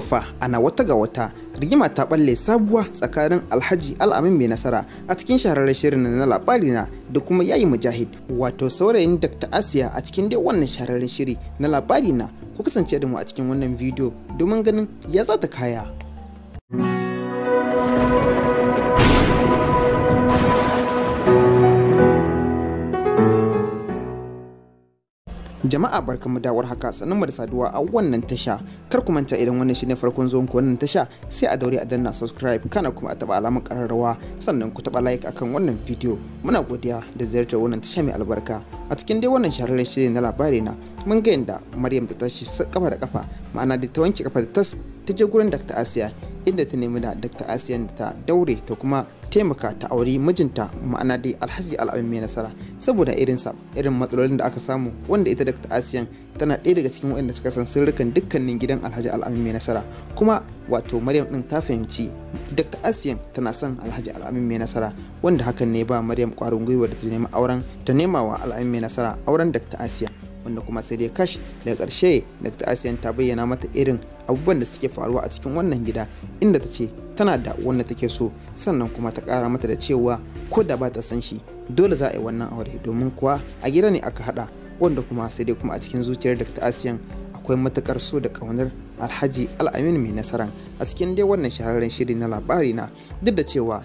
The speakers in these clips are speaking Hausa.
to ana wata ga wata rigima ta balle sabuwa tsakanin alhaji al'amin mai nasara a cikin shahararren shirin na labari na da kuma yayi mujahid wato saurayin dr asiya a cikin dai wannan shahararren shiri na labari na ku kasance da mu a cikin wannan bidiyo domin ganin ya zata kaya Jama'a barkamu da haka sannan mu da saduwa a wannan tasha. Kar ku manta idan wannan shine farkon zuwan ku wannan tasha sai a daure a danna subscribe kana kuma a taba alamar kararrawa sannan ku taba like akan wannan bidiyo. Muna godiya da ziyartar wannan tasha mai albarka. A cikin dai wannan shahararren shirin na labari na mun ga yanda Maryam ta tashi kafa da kafa ma'ana da ta wanke kafa da tas ta je gurin Dr. Asiya inda ta nemi da Dr. Asiya ta daure ta kuma taimaka ta auri mijinta ma'ana dai Alhaji Al'amin mai nasara saboda irin sa irin matsalolin da aka samu wanda ita Dr. Asiyan tana ɗaya daga cikin waɗanda suka san sirrukan dukkanin gidan Alhaji Al'amin mai nasara kuma wato Maryam din ta fahimci Dr. Asiyan tana son Alhaji Al'amin mai nasara wanda hakan ne ba Maryam ƙwarin gwiwa da ta nemi auren ta nema wa Al'amin mai nasara auren Dr. Asiyan wanda kuma sai dai kash daga karshe dr asiyan ta bayyana mata irin abubuwan da suke faruwa a cikin wannan gida inda ta ce tana da wanda take so sannan kuma ta kara mata da cewa ko da ba ta san shi dole za a yi wannan aure domin kuwa a gida ne aka haɗa wanda kuma sai dai kuma a cikin zuciyar dr asiyan akwai matukar so da ƙaunar alhaji al'amin mai nasara a cikin dai wannan shahararren shiri na labari na duk da cewa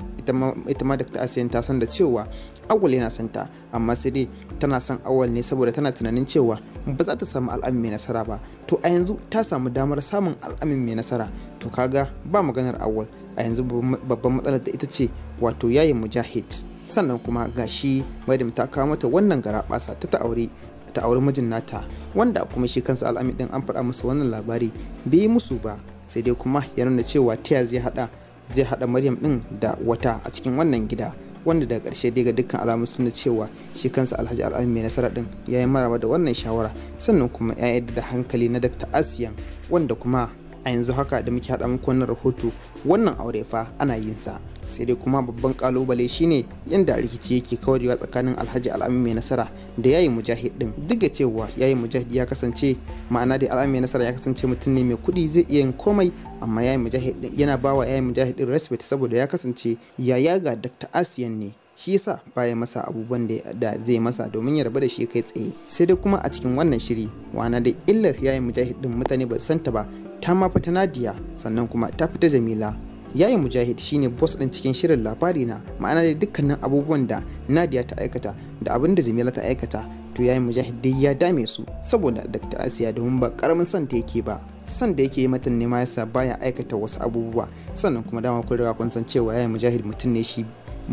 ita ma dr asiyan ta san da cewa awal yana son ta amma sai dai tana son awal ne saboda tana tunanin cewa ba za ta samu al'amin mai nasara ba to a yanzu ta samu damar samun al'amin mai nasara to kaga ba maganar awal a yanzu babban matsalar da ita ce wato yayin mujahid sannan kuma gashi mai ta kawo mata wannan garaɓasa ta ta aure ta auri mijin nata wanda kuma shi kansa al'amin din an faɗa musu wannan labari bai yi musu ba sai dai kuma ya nuna cewa taya zai hada zai hada maryam din da wata a cikin wannan gida wanda daga ƙarshe daga dukkan alamu suna cewa shi kansa alhaji al'amu mai nasara din ya yi marama da wannan shawara sannan kuma ya da hankali na dakta asiyan wanda kuma a yanzu haka da muke haɗa muku wannan rahoto wannan aure fa ana yin sa sai dai kuma babban kalubale shine yadda rikici yake kawarewa tsakanin alhaji al'amin mai nasara da yayi mujahid din duk da cewa yayi mujahid ya kasance ma'ana da al'amin mai nasara ya kasance mutum ne mai kuɗi zai iya yin komai amma yayi mujahid yana bawa yayi mujahid din respect saboda ya kasance yaya ga dr asiyan ne shi yasa baya masa abubuwan da zai masa domin ya rabu da shi kai tsaye sai dai kuma a cikin wannan shiri wana da illar yayin mujahid din mutane ba san ta ba ta ma fita nadiya sannan kuma ta fita jamila yayin mujahid shine boss din cikin shirin labari na ma'ana da dukkanin abubuwan da nadiya ta aikata da abin da jamila ta aikata to yayin mujahid dai ya dame su saboda dr asiya domin ba karamin son ta yake ba san da yake yi mata nema yasa baya aikata wasu abubuwa sannan kuma dama kun riga kun san cewa yayin mujahid mutum ne shi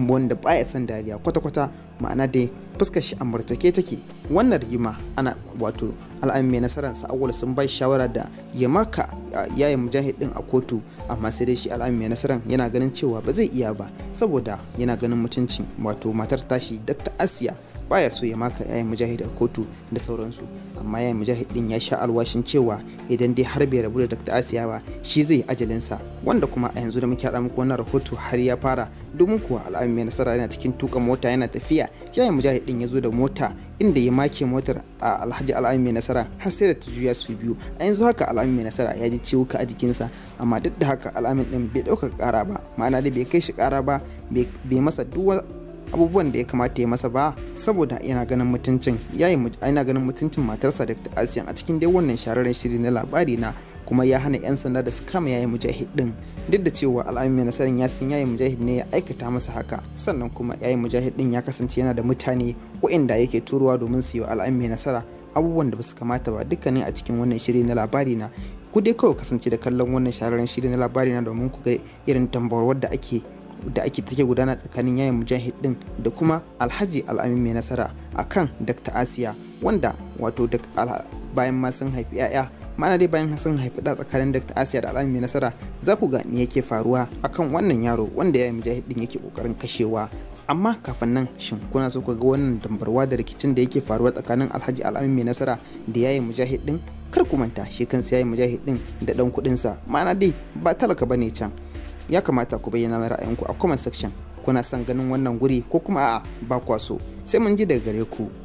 wanda baya son dariya kwata-kwata ma'ana dai fuskar shi a take wannan rigima ana wato al'amin mai nasarar sa'awul sun bai shawara da ya maka yayin mujahid din a kotu amma sai dai shi al'amin mai nasarar yana ganin cewa ba zai iya ba saboda yana ganin mutuncin wato matar tashi dr asiya baya so ya maka yayin mujahid a kotu da sauransu amma yayin mujahid din ya sha alwashin cewa idan dai har bai rabu da dr asiya ba shi zai ajalinsa wanda kuma a yanzu da muke haɗa muku wannan rahoto har ya fara domin kuwa al'ami mai nasara yana cikin tuka mota yana tafiya yayin mujahid din ya zo da mota inda ya make motar a Alhaji Al'ami mai nasara har sai da ta juya su biyu a yanzu haka Al'ami mai nasara ya ji ciwuka a jikinsa amma duk da haka Al'ami din bai dauka kara ba ma'ana da bai kai shi kara ba bai masa duk abubuwan da ya kamata ya masa ba saboda yana ganin mutuncin yayi yana ganin mutuncin matarsa da Asiyan a cikin dai wannan shararren shiri na labari na kuma ya hana 'yan sanda da su kama yayin mujahid din duk da cewa al'ami mai nasarar ya san yayin mujahid ne ya aikata masa haka sannan kuma yayin mujahid din ya kasance yana da mutane waɗanda yake turowa domin su yi al'ami mai nasara abubuwan da ba su kamata ba dukkanin a cikin wannan shiri na labari na ku dai kawai kasance da kallon wannan shahararren shiri na labari na domin ku ga irin tambawar da ake da ake take gudana tsakanin yayin mujahid din da kuma alhaji al'amin mai nasara akan dr asiya wanda wato bayan ma sun haifi 'ya'ya mana dai bayan sun haifi da tsakanin dr asiya da alami nasara za ku ga me yake faruwa akan wannan yaro wanda ya yi mujahid din yake kokarin kashewa amma kafin nan shin kuna so ku ga wannan dambarwa da rikicin da yake faruwa tsakanin alhaji alami mai nasara da yayi mujahid din kar ku manta shi kansa mujahid din da dan kudin sa ma'ana dai ba talaka bane can ya kamata ku bayyana ra'ayinku a comment section kuna son ganin wannan guri ko kuma a'a ba kwa sai mun ji daga gare ku